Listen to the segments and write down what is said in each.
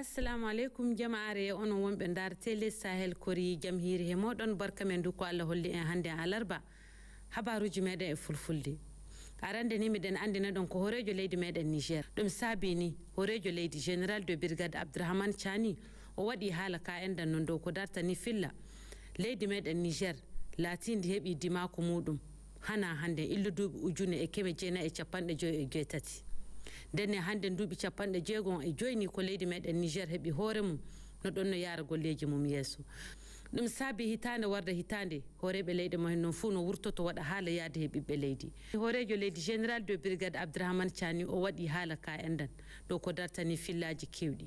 assalamu aleykum jamaare onon wonɓe dar télé sahel kori jam hiiri he moɗon barka men du ko allah holli en hannde alarba habaruji meɗen e fulfulde arande ni miɗen anndina ɗon ko horejo leydi meɗen niger ɗum saabi ni horejo leydi général de brigade abdourahmane thani o waɗi haala ka endan non dow ko darta ni filla leydi meɗen niger latindi heeɓi dimako muɗum hana hannde illu duuɓi ujune e keme jeena e capanɗe e joyi e joetati ndenne hannde duuɓi capanɗe jeegon e joyni ko leydi meɗen niger heɓi hoore mum no ɗon no yaara golleeji mum yeeso ɗum saabi hitaande warda hitaande hooreɓe leyɗe mumhen noon fuu no wurtoto waɗa haala yahde he ɓiɓɓe leydi hoorejo leydi général de brigade abdourahmane thiani o waɗi haala ka endan dow ko dartani fillaji kewɗi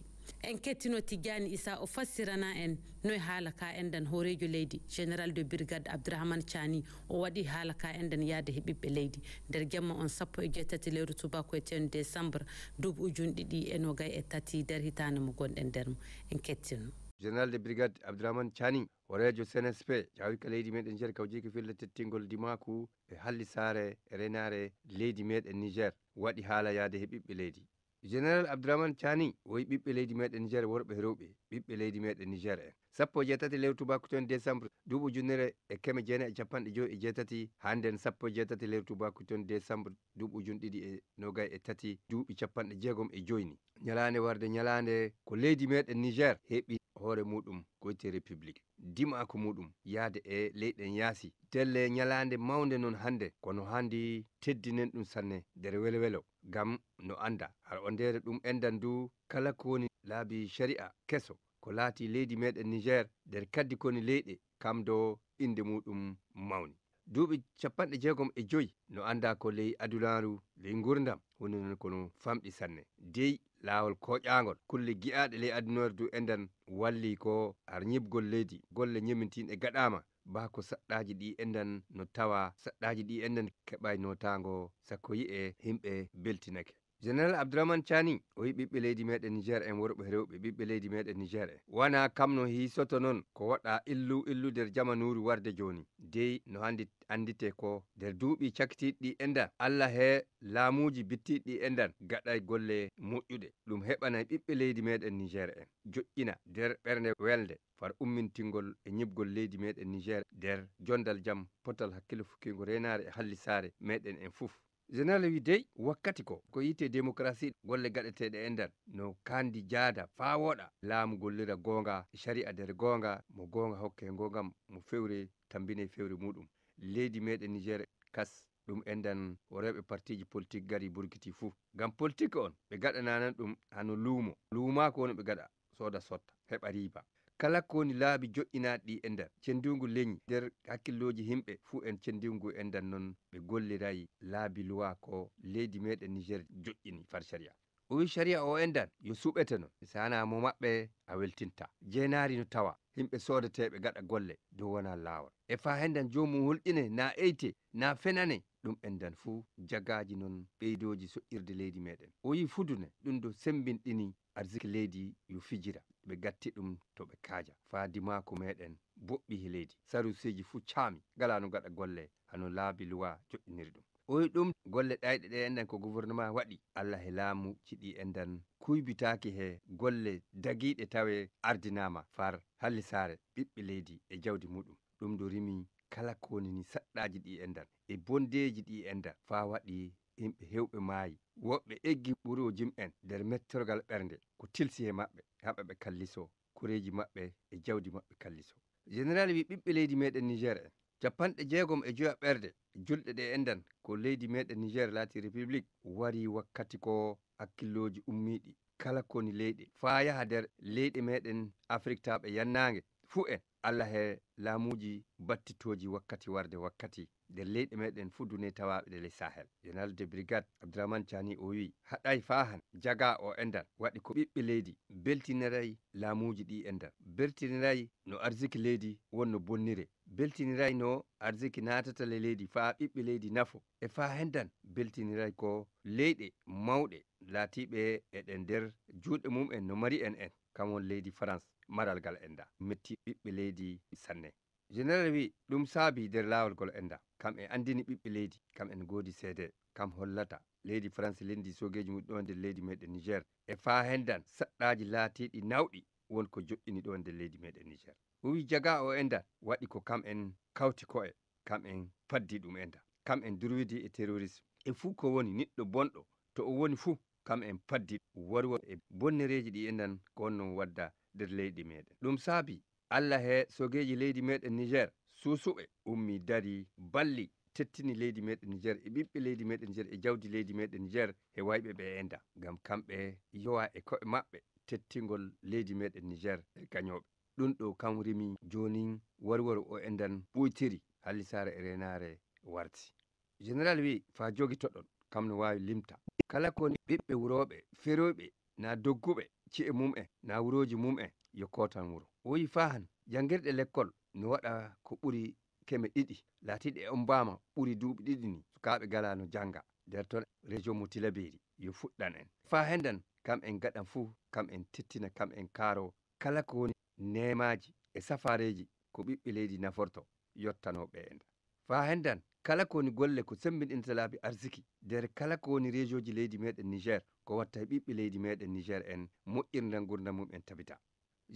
en kettino tiggani isa o fassirana en noye haala ka enden horejo leydi général de brigade abdourahmane thiani o waɗi haala ka enden yaade he ɓiɓɓe leydi nder jemma on sappo e jettati lewru tubako e ten décembre duuɓi ujun ɗiɗi e no gay e tati nder hitande mo gonɗen ndermo en kettino général de brigade abdourahmane thiani horejo snsp jawika leydi meɗen jeer kawjeyki fille tettingol dimaku e halli saare e renare leydi meɗen niger waɗi haala yaade he ɓiɓɓe leydi général abdourahman thani woyi ɓiɓɓe leydi meɗen nigér worɓe rewɓe ɓiɓɓe leydi meɗen nigér en sappo e jeetati lewru tubako toon décembre duuɓo ujunere e keme jeenayi e capanɗe joyi e jeetati hannden sappo e jeetati lewru tubako toon décembre duuɓo ujun ɗiɗi e nogay e tati duuɓi capanɗe jeegom e joyni ñalaande warde ñalaande ko leydi meɗen nigér heɓi hoore muɗum goyte république dima ko muɗum yahde e leyɗen yaasi telle ñalaande mawnde noon hannde kono haandi teddinen ɗum sanne nder welo welo gam no anda ara o ndere ɗum endan du kala kowoni laabi shari'a keso ko laati leydi meɗen niger nder kaddi koni leyɗe kam do inde muɗum mawni duuɓi capanɗe jeegom e joyi no anda ko ley adunaru ley gurdam woni noon kono famɗi sanne deyi laawol koƴagol kulle gi'aɗe ley adunaru du endan walli ko ar ñibgol leydi golle ñimintin e gaɗama bako saɗɗaji ɗi enden no tawa saɗɗaji ɗi enden keɓay notago sakko yi'e himɓe beltinake général abdourahmane thani o yi ɓiɓɓe leydi meɗen niger en worɓe rewɓe ɓiɓɓe leydi meɗen niger en wona kamno hisoto noon ko waɗa illu illu nder jamanuru warde joni dey no handi andite ko nder duuɓi cakitiɗi ɗi endan allah he laamuji bittiɗi ɗi endan gaɗay golle moƴƴuɗe ɗum heɓanay ɓiɓɓe leydi meɗen niger en joƴƴina nder ɓernde welde war ummintingol e ñibgol leydi meɗen niger nder jondal jaam potal hakkille fukkigo renare e hallisare meɗen en fof général wi dey wakkati ko ko yitte démocratie golle gaɗeteɗe e nder no kandi jaada faa wooɗa laamu gollira goonga sharia nder goonga mo goonga hokke ngogam mo fewre tambine fewre muɗum leydi meɗen niger kas ɗum endan o rewɓe partiji politique gari burkiti fuu gam politique on ɓe gaɗananan ɗum hano luumo luumako woni ɓe gaɗa sooda sotta heɓa riba kala ko woni laabi joƴƴinaaɗi e nder cenndingu leñi nder hakkilloji himɓe fuu en cenndingu e ndan noon ɓe golliray laabi luwa ko leydi meɗen niger joƴƴini far caria o wi caria o e ndan yo suɓeteno sanamo maɓɓe a weltinta jeenaari no tawa himɓe soodeteɓe gaɗa golle dow wona laawol e faa henndan joomum hulɗine naa eyte naa fenane ɗum enndan fuu jagaaji noon ɓeydooji soƴƴirde leydi meɗen o yii fudune ɗum do sembinɗini arsiki leydi yo fijira ɓe gatti ɗum to ɓe kaaja faa dimaku meɗen boɓɓi he leydi sarusiji fuu caami ngala no gaɗa golle hano laabi luwa joɗɗiniri ɗum oyi ɗum golle ɗayɗe ɗe enɗen ko gouvernement waɗi allah he laamu ciɗi enɗen kuybitaaki he golle dagiiɗe tawe ardinama far halli saare ɓiɓɓe leydi e jawdi muɗum ɗum ɗo rimi kala kowoni ni saɗɗaji ɗi enɗan e, e bondeji ɗi enɗa faa waɗi yimɓe hewɓe maayi woɓɓe eggi ɓuroojim en nder mettorgal ɓernde ko tilsi e maɓɓe haɓa ɓe kalliso kureeji maɓɓe e jawdi maɓɓe kalliso général wi ɓiɓɓe leydi meɗen nigér en capanɗe jeegom e joya ɓerde julɗe ɗe enden ko leydi meɗen nigér laati république wari wakkati ko hakkilloji ummiɗi kala koni leyɗe faa yaha nder leyɗe meɗen afrique taɓe yannaange fuu en allah he laamuji battitoji wakkati warde wakkati nder leyɗe meɗen fuu dune tawaɓe ɗele sahel yonalde brigade abdourahmane thani o wi haɗay faahan jaga o endan waɗi ko ɓiɓɓe leydi beltinirayi laamuji ɗi endan beltinirayi no arsiki leydi wonno bonnire beltiniray no arsiki natatale leydi faa ɓiɓɓe leydi nafo e faa hendan beltiniray ko leyɗe mawɗe laatiɓe eɗen nder juuɗe mum en no mari en en kamon leydi france maɗal ngal enda metti ɓiɓɓe leydi sanne général wi ɗum saabi nder laawol gol enda kam e andini ɓiɓɓe leydi kam en goodi seede kam hollata leydi france lendi sogeji mum ɗo nder leydi meɗen niger e faa hendan saɗɗaji laatiɗi nawɗi wonko joɗɗini ɗo nder leydi meɗen niger o wi jaga o enda waɗi ko kam en kawti ko e kam en faddi ɗum enda kam en durwidi e terrorisme e fuu ko woni niɗɗo bonɗo to o woni fuu kam en paddi warwo e bonnereji ɗi endan ko onnon wadda nder leydi meɗen ɗum saabi allah he sogeji leydi meɗen niger suusuɓe ummi dari balli tettini leydi meɗen niger e ɓiɓɓe leydi meɗen niger e jawdi leydi meɗen niger e wayɓe ɓe enda gam kamɓe yowa e koɓe maɓɓe tettigol leydi meɗen niger e gañoɓe ɗum ɗo kam rimi joni warwaru o endan ɓoytiri hallisara e, e renare warti général wi fa jogi toɗon kam no wawi limta kala koni ɓiɓɓe wuroɓe feroɓe na dogguɓe ci'e mum'en nawuroji mum'en yo kootan wuro o wi fa han janngirɗe l'école no waɗa ko ɓuri keme ɗiɗi laatiɗe on mbaama ɓuri duuɓi ɗiɗi ni sukaaɓe ngala no jannga nder toon région mo tilabeeri yo fuɗɗan en fa henndan kam en gaɗan fuu kam en tettina kam en kaaroo kala ko woni nemaaji e safareeji ko ɓiɓɓe leydi naforto yottanooɓe enda fa henndan kala ko woni golle ko sembiɗinta laabi arsiki nder kala ko woni région ji leydi meeɗen nigér ko watta e ɓiɓɓe leydi meɗen niger en moƴƴirde gurda mumen tabita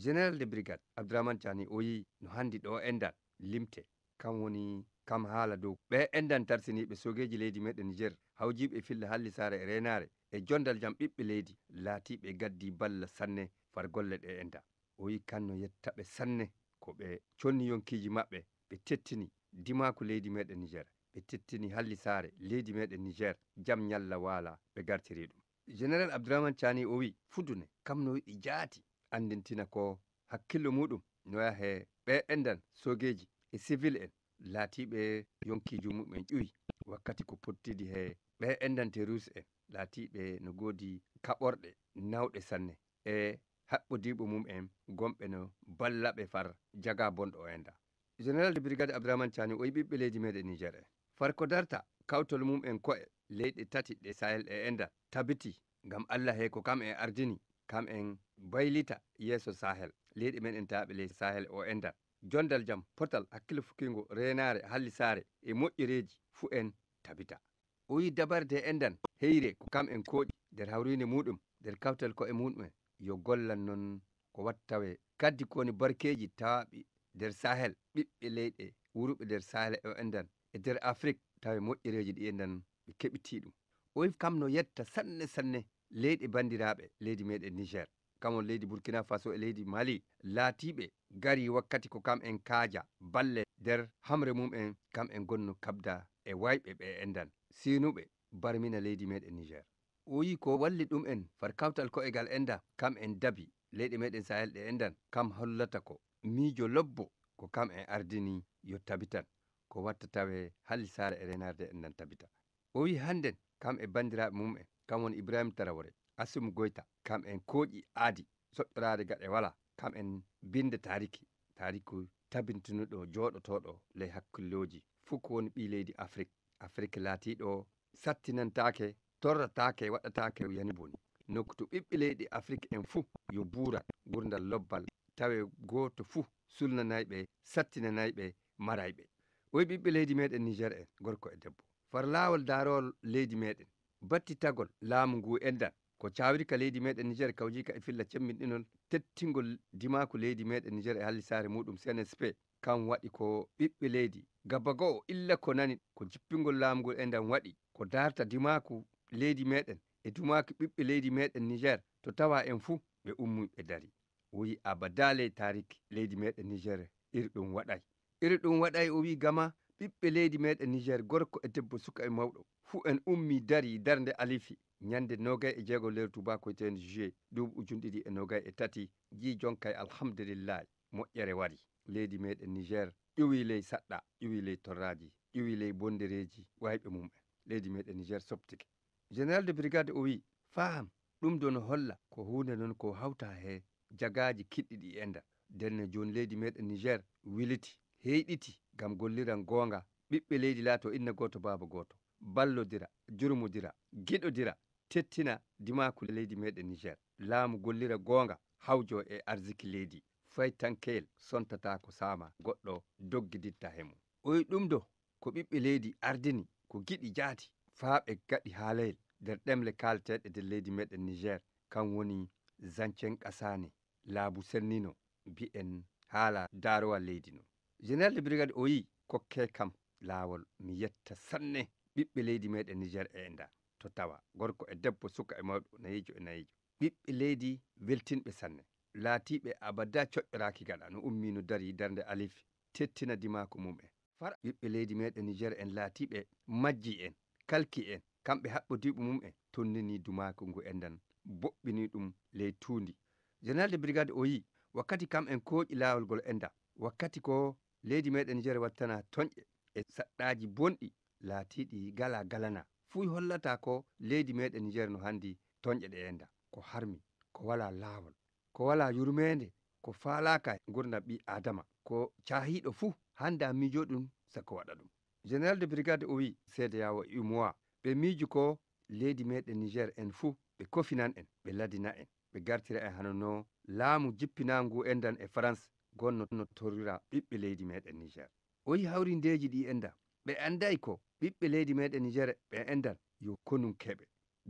général de brigade abdourahmane tiani o yii no hanndi ɗo endal limte kam woni kam haala dow ɓe endan tarsiniɓe sogeji leydi meɗen niger hawjiɓe e filla halli sare e renare e jondal jam ɓiɓɓe leydi laatiɓe gaddi balla sanne far golle ɗe enda o yi kanno yettaɓe sanne ko ɓe conni yonkiji maɓɓe ɓe tettini dimaku leydi meɗen niger ɓe tettini halli sare leydi meɗen niger jam ñalla waala ɓe gartiri ɗum général abdourahmane thiani o wi fuddune kam no yiɗi jaati andintina ko hakkillo muɗum noya he ɓe endan sogeji e civil en laatiɓe yonkiji mumen ƴuwi wakkati ko pottidi he ɓe endante russe en laatiɓe no goodi kaɓorɗe nawɗe sanne e haɓɓodiɓe mum'en gomɓe no ballaɓe far jaga bonɗo o enda général de brigade abdourahmane thiani o yiɓiɓɓe leydi meɗen nigér en far ko darta kawtol mum'en ko e leyɗe tati ɗe sahel e endal tabiti gam allah hey ko kam en ardini kam en baylita yeeso sahel leyɗe men en taaɓe ley sahel o endal jondal jam potal hakkille fukingo renare halli saare e moƴƴereji fuu en tabita o wi dabarde e endan heyre ko kam en kooɗi nder hawrine muɗum nder kawtal ko e muɗumen yo gollan noon ko wattawe kaddi kowoni barkeji tawaɓe nder sahel ɓiɓɓe leyɗe wuruɓe nder sahel e o endan e nder afrique tawa moƴƴereji ɗi endan ɓe keɓiti ɗum o wi kam no yetta sanne sanne leyɗi bandiraɓe leydi meɗen niger kamon leydi burkina faso e leydi mali laatiɓe gari wakkati ko kam en kaaja balle nder hamre mum'en kam en gonno kabda e wayɓe ɓe endan sinuɓe barmina leydi meɗen niger o wi ko walli ɗum en far kawtal ko'egal enda kam en dabi leyɗi meɗen sahel ɗe endan kam hollata ko miijo lobbo ko kam en ardini yo tabitan ko watta tawe hali saara e renarde en nan tabita o wi hannden kam e banndiraaɓe mum en kam woni ibrahima tarawore assumu goyta kam en kooƴi aadi soɗɗoraade gaɗe wala kam en binde taariki taariku tabintunuɗo jooɗotooɗo ley hakkilloji fuu ko woni ɓii leydi afrique afrique laatiiɗo sattinantaake torrataake waɗataake yani booni nokku to ɓiɓɓe leydi afrique en fuu yo buura gurdal lobbal tawe gooto fuu sulnanayɓe sattinanayɓe maray ɓe oyi ɓiɓɓe leydi meeɗen niger en gorko e debbo far laawol daarowol leydi meɗen batti tagol laamu ngu endan ko cawiri ka leydi meɗen niger kawji ka e filla cemmin ɗinol tettingol dimaku leydi meɗen niger e halli saare muɗum cnsp kan waɗi ko ɓiɓɓe leydi gabba goo illa ko nani ko jippingol laamungol endan waɗi ko darta dimaku leydi meɗen e dumaki ɓiɓɓe leydi meɗen niger to tawa en fuu ɓe ummi ɓe dari o wi abadale tariki leydi meɗen niger iri ɗum waɗay iri ɗum waɗay o wi gama ɓiɓɓe leydi meɗen niger gorko e debbo suka e mawɗo fuu en ummi dari darde alifi ñande nogay e jeego leru tubakoytene juillet duuɓi ujun ɗiɗi e nogay e tati ji jonka e alhamdulillah moƴƴere wari leydi meɗen niger ƴuwi ley saɗɗa ƴuwi ley torraji ƴuwi ley bondereji wayɓe mumen leydi meɗen niger soptike général de brigade o wi faam ɗum do no holla ko hunde noon ko hawta he jagaji kiɗɗi ɗi e nder ndenne joni leydi meɗen niger wiliti heyɗiti gam golliran goonga ɓiɓɓe leydi laato inna goto baaba goto ballodira jurmodira giɗodira tettina dimaku leydi meɗen niger laamu gollira goonga hawjo e arziki leydi fay tankeyel sontata ko sama goɗɗo doggiditta hemu oyi ɗum do ko ɓiɓɓe leydi ardini ko giɗi jaati faa ɓe gaɗi haalayel nder ɗemle kalteɗe nder leydi meɗen niger kan woni zancen kasani laabu sennino mbi'en haala daarowa leydi no général de brigade o yii kokke kam laawol mi yetta sanne ɓiɓɓe leydi meɗen niger e enda to tawa gorko e debbo suka e mawɗo nayiijo e nayiijo ɓiɓɓe leydi weltinɓe sanne laatiɓe abadda coƴƴoraaki gaɗa no ummino dari darnde alif tettina dimaako mum'en far ɓiɓɓe leydi meɗen niger en laatiɓe majji en kalki en kamɓe haɓɓodiɓe mum'en tonnini dumaako ngu endan boɓɓini ɗum ley tuundi général de brigade o yii wakkati kam en kooƴi laawol ngol enda wakkati ko leydi meɗen jere wattana toñƴe e saɗɗaji bonɗi laatiɗi gala galana fuu hollata ko leydi meɗen jere no hanndi toñƴe ɗe enda ko harmi ko wala laawol ko wala yurmeende ko faalaka gurdam ɓi adama ko cahiiɗo fuu hannde a miijo ɗum sakko waɗa ɗum général de brigade o wi seeda yawo e umoi ɓe miiji ko leydi meɗen nigér en fuu ɓe kofinan en ɓe ladina en ɓe gartira en hanano laamu jippinangu endan e france gonno torrira ɓiɓɓe leydi meɗen niger o yi hawrindeji ɗi enda ɓe anday ko ɓiɓɓe leydi meɗen niger ɓe endan yo konum keɓe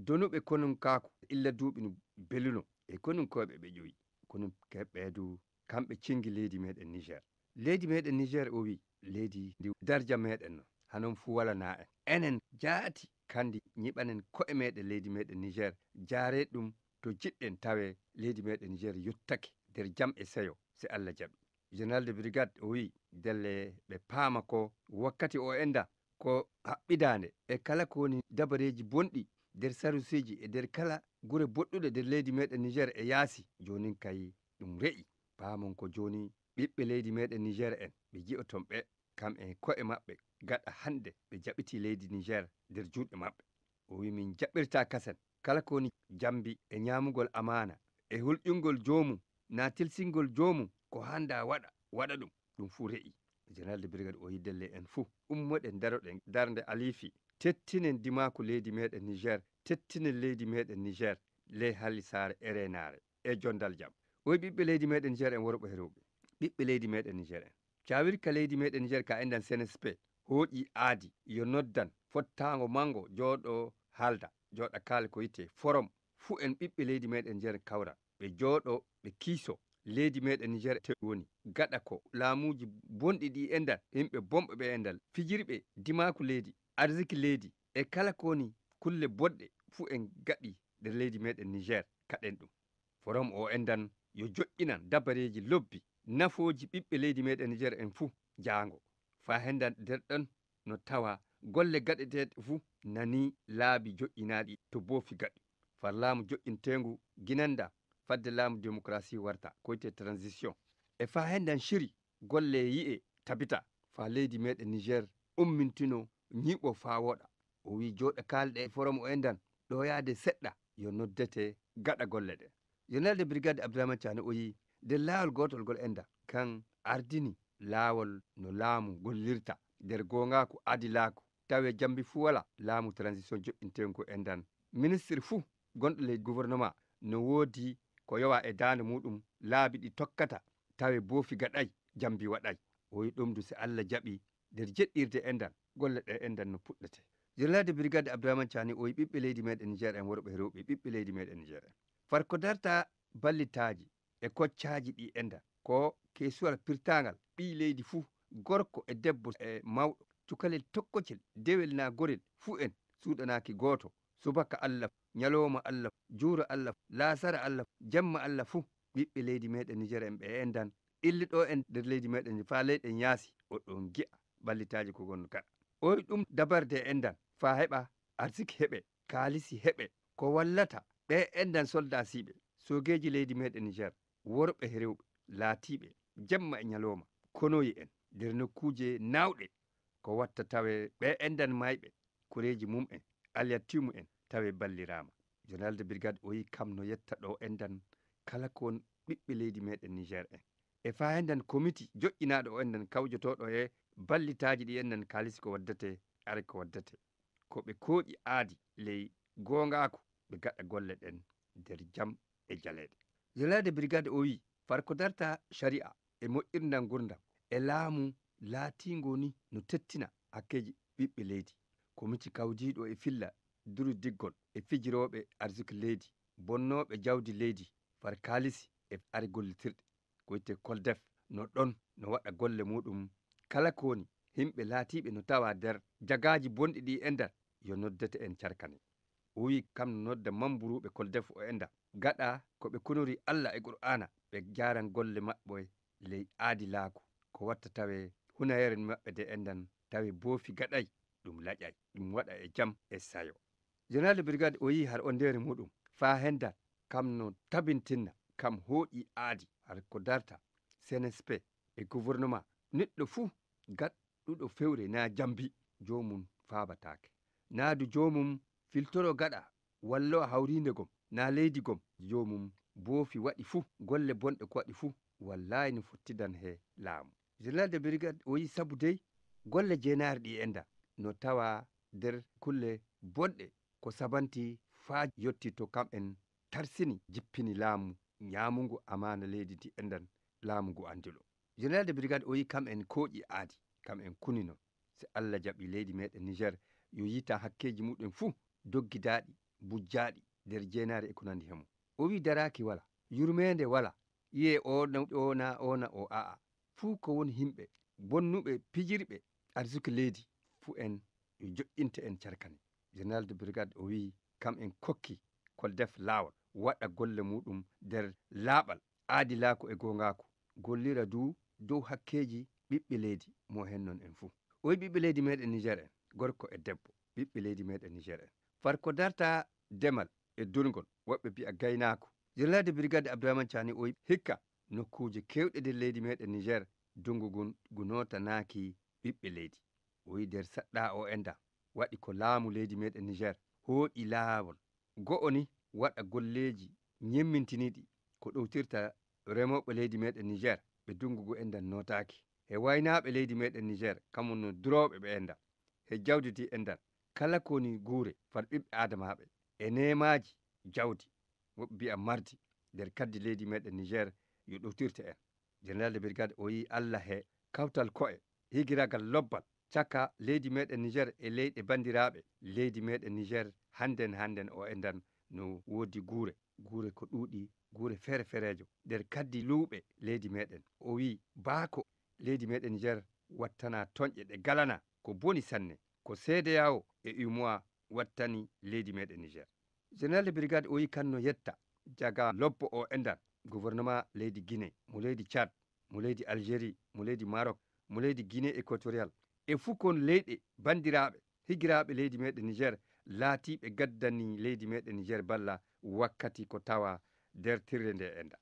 donuɓe konum kaako illa duuɓi no beluno e konum koɓe ɓe ƴoyi konum keɓɓe du kamɓe cingi leydi meɗen niger leydi meɗen niger o wi leydi ndi darja meɗen no hanon fu walana en enen jaati kandi ñiɓanen ko'e meɗen leydi meɗen niger jaare ɗum to jiɗɗen tawe leydi meɗen niger yottake nder jam e seyo se allah jaɓi général de brigade o wi delle ɓe paama ko wakkati o enda ko haɓɓidande e kala ko woni dabareji bonɗi nder sarusiji e nder kala gure boɗɗuɗe nder leydi meɗen niger e yaasi jonin kay ɗum re'i paamon ko joni ɓiɓɓe leydi meɗen niger en ɓe jiyoton ɓe kam e ko'e maɓɓe gaɗa hande ɓe jaɓiti leydi niger nder juuɗe maɓɓe o wi min jaɓɓirta kasen kala ko woni jambi e ñamugol amana e hulƴungol jomum na tilsingol joomu ko hannda waɗa waɗa ɗum ɗum fuu re'i général de brigade o yiddelle en fuu ummoɗen daroɗen darde aliifi tettinen dimaku leydi meɗen niger tettinen leydi meɗen niger ley halli saare e renaare e jondal jam oy ɓiɓɓe leydi meɗen niger en worɓo e rewɓe ɓiɓɓe leydi meɗen niger en cawirka leydi meɗen niger ka enden snsp hooƴi aadi yo noddan fottaango manngo jooɗo haalda jooɗa kaali ko yitte forom fuu en ɓiɓɓe leydi meɗen njeren kawra ɓe jooɗo ɓe kiiso leydi meɗen niger te woni gaɗa ko laamuji bonɗi ɗi e ndal yimɓe bomɓe ɓe e ndal fijirɓe dimaku leydi arsiki leydi e kala kowoni kulle boɗɗe fuu en gaɓi nder leydi meɗen niger kaɗen ɗum forom o endan yo joƴƴinan dabareji lobbi nafooji ɓiɓɓe leydi meɗen niger en fuu jaango faa henndan nderɗon no tawa golle gaɗeteeɗe fuu nani laabi joƴƴinaaɗi to boofi gaɗi farlaamu joƴƴinteengu ginannda fadde laamu démocratie warta koyte transition e fa hennden siri golle yi'e tabita fa leydi meɗen niger ummintino ñiɓo fa woɗa o wi joɗe kalɗe e forom o en dan ɗo yaade seɗɗa yo noddete gaɗa golle ɗe yonelde brigade abdourahman thiane o yi nde laawol gotol gol en da kan ardini laawol no laamu gollirta nder gongaku adilaku tawi jambi fuu wala laamu transition joƴƴintenko en dan ministre fuu gonɗo leydi gouvernement no woodi ko yowa e daande muɗum laabi ɗi tokkata tawe boofi gaɗay jambi waɗay oyi ɗomdu si allah jaɓi nder jeɗɗirde endan golle ɗe endan no puɗɗete jirlade brigade abdourahmane thiani oyi ɓiɓɓe leydi meɗen niger en worɓe rewɓe ɓiɓɓe leydi meɗen niger en farko darta ballitaji e koccaji ɗi endan ko keesuwal pirtagal ɓi leydi fuu gorko e debbo e mawɗo cukalel tokkocel dewel na gorel fuu en suuɗanaki gooto subaka allah ñalowma allah juuro allah laasara allah jamma allah fuu ɓiɓɓe leydi meɗen nigér en ɓe en dan illiɗo en nder leydi meɗen faa leyɗen yaasi oɗon gi'a ballitaji ko gonno ka oyi ɗum dabarde e en dan faa heɓa arsik heɓe kaalisi heɓe ko wallata ɓe en dan soldat siiɓe sogeji leydi meɗen nigér worɓe rewɓe laatiɓe jamma e ñalowma konoyi en nder nokkuuje nawɗe ko watta tawe ɓe en dan mayɓe kureji mum en aliyattimu en tawe ballirama jonal de brigade o yi kam no yetta ɗo en dan kala kowon ɓiɓɓe leydi meɗen niger en e fa en dan comité joƴƴinaɗo o e en dan kawjotoɗo e ballitaji ɗi en dan kalisi ko waddate are ko waddate ko ɓe kooƴi aadi ley gongako ɓe gaɗa golle ɗen nder jam e jaleɗe jonal de brigade o wi farko darta sharia e moƴƴirdan gurdam e laamu laatigo ni no tettina hakkeji ɓiɓɓe leydi komiti kawdiɗo e filla duru diggol e fijirooɓe arsuki leydi bonnooɓe jawdi leydi far kaalisi e ari gollitirɗe ko witte koldef no ɗon no waɗa golle muɗum kala ko woni himɓe laatiiɓe no tawa nder jagaaji bonɗi ɗi e ndar yo noddete en carkane o wii kam no nodda mambruuɓe koldef o e nda gaɗa ko ɓe konori allah e qur'aana ɓe jaaran golle maɓɓo ley aadi laaku ko watta tawe hunayere maɓɓe de e ndan tawi boofi gaɗay ɗum laƴay ɗum waɗa e jam e sayo général de brigade o yii har o ndeere muɗum faa hendal kam no tabintinna kam hooƴi aadi har ko darta cnsp e gouvernement neɗɗo fuu gaɗɗuɗo fewre naa jambi joomum faabataake naadu joomum filtoro gaɗa wallo a hawriinde gom naa leydi gom joomum boofi waɗi fuu golle bonɗe ko waɗi fuu wallaayi no fottidan he laamu général de brigade o yii sabu dey golle jeenaari ɗi e enda no tawa nder kulle bonɗe ko sabanti faa yotti to kam en tarsini jippini laamu ñaamugu amana leydi ndi endan laamu ngu andilo général de brigade o yi kam en kooƴi aadi kam en kunino si allah jaɓi leydi meɗen niger yo yita hakkeji muɗum fuu doggidaaɗi bujjaaɗi nder jeenaare e ko nandi hemo o wi daraaki wala yurmeende wala yiye ona ona ona o aa fuu ko woni himɓe bonnuɓe pijirɓe arsuki leydi fuu en yo joƴƴinta en carkani général de brigade o wii kam en kokki ko def laawol waɗa golle muɗum nder laaɓal aadi laako e goongaako gollira du dow hakkeeji ɓiɓɓe leydi mo hen noon en fuu o wi ɓiɓɓe leydi meɗen nigér en gorko e debbo ɓiɓɓe leydi meɗen nigér en far ko darta demal e durgol woɓɓe mbiya gaynaako général de brigade abdourahmane thani o wi hikka nokkuuji kewɗe nder leydi meɗen nigér dungugun gunotanaaki ɓiɓɓe leydi o wi nder saɗɗa o enda waɗi ko laamu leydi meɗen niger hooƴi laawol go'o ni waɗa golleeji ñemmintiniɗi ko ɗowtirta remooɓe leydi meɗen niger ɓe dunngugo enndal notaaki e waynaaɓe leydi meɗen niger kamuno durooɓe ɓe enndal he jawditi enndal kala kowoni guure farɓiɓɓe aadamaaɓe e nemaaji jawdi woɓe mbiya mardi nder kaddi leydi meɗen niger yo ɗowtirta en jenéral de brigade o yii allah he kawtal ko'e higiragal lobbal caka leydi meɗen niger e leyɗe bandiraɓe leydi meɗen niger hannden hannden o e ndan no woodi guure guure ko ɗuuɗi guure feere feerejo nder kaddi luuɓe leydi meɗen o wi baako leydi meɗen niger wattana toñƴe ɗe galana ko boni sanne ko seedeyawo e umoi wattani leydi meɗen niger général de brigade o wi kanno yetta jaga lobbo o e ndan gouvernement leydi guiné mo leydi tchad mo leydi algérie mo leydi maroc mo leydi guiné équatorial e fukon leyɗe bandiraɓe higiraɓe leydi meɗen niger laatiɓe gaddani leydi meɗen niger balla wakkati ko tawa dertirde nde enda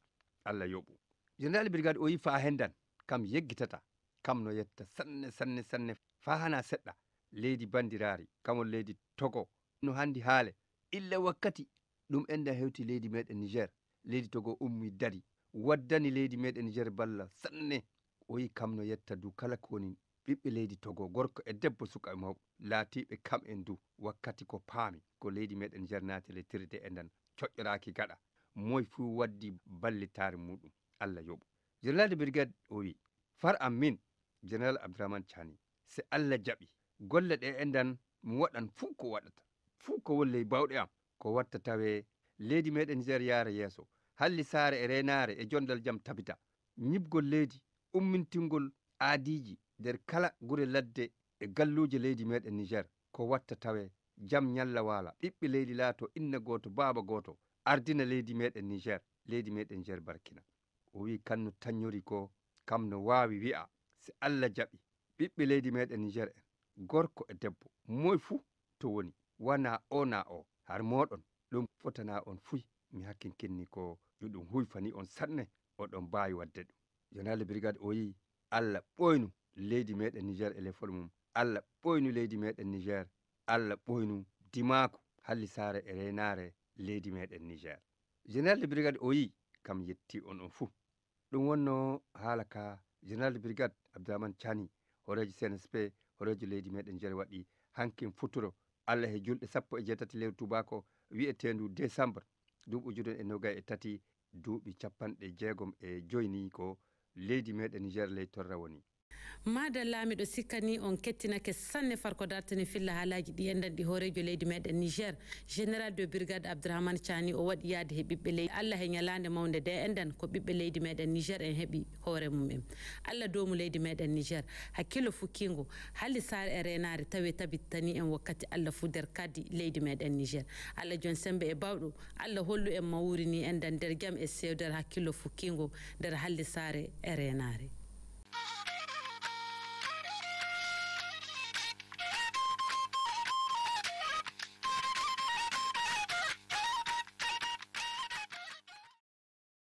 allah yoɓu général brigade o yi fa hendan kam yeggitata kam no yetta sanne sanne sanne fa hana seɗɗa leydi bandiraari kamon leydi togo no handi haale illa wakkati ɗum enda hewti leydi meɗen niger leydi togo ummi dari waddani leydi meɗen niger balla sanne o yi kam no yetta du kala ko woni ɓiɓɓe leydi togo gorko e debbo suka e mawɓe laatiɓe kam en du wakkati ko paami ko leydi meɗen jernatele tirde e nden coƴƴoraki gaɗa moy fuu waddi ballitare muɗum allah yoɓo jeneral de brigade o wi far am min jeneral abdourahmane thani si allah jaɓi golle ɗe e nden mi waɗan fuu ko waɗata fuu ko wolley bawɗe am ko watta tawe leydi meɗen jer yaara yeeso halli saare e reynaare e jondal jam tabita ñibgol leydi ummintingol aadiji nder kala gure ladde e galluuje leydi meeɗen niger ko watta tawe jam ñalla waala ɓiɓɓe leydi laato inna gooto baaba gooto ardina leydi meeɗen niger leydi meeɗen ger barkina o wii kamno tañori ko kam no waawi wi'a si allah jaɓi ɓiɓɓe leydi meeɗen niger en gorko e debbo moye fuu to woni wana o na o har moɗon ɗum fotana on fuy mi hakkin kinni ko yoɗum huy fani on sanne oɗon mbaawi wadde ɗum jonale brigade o yii allah ɓoynu leydi meɗen niger e lefol mum allah ɓoynu leydi meɗen niger allah ɓoynu dimaku halli saare e reynare leydi meɗen niger général de brigade o yi kam yetti on on fuu ɗum wonno haala ka général de brigade abdourahmane thani horeji cnsp horeji leydi meɗen jere waɗi hankin futuro allah e julɗe sappo e jeetati lewru tubako wi'etendu décembre duuɓ ujuden e nogay e tati duuɓi capanɗe jeegom e joyni ko leydi meɗen niger ley torra woni madal laamiɗo sikkani on kettinake sanne farko dartani filla haalaji ɗi en danɗi hoorejo leydi meɗen niger général de brigade abdourahmane thani o waɗi yaade he ɓiɓɓe leydi allah e ñalande mawde nde enɗen ko ɓiɓɓe leydi meɗen niger en heeɓi hoore mumen allah domu leydi meɗen niger hakkillo fukkingo halli sar e renare tawi tabittani en wakkati allah fu nder kaddi leydi meɗen niger allah joni sembe e bawɗo allah hollu en mawrini enɗen nder jaam e sew nder hakkillo fukkingo nder halli sare e renare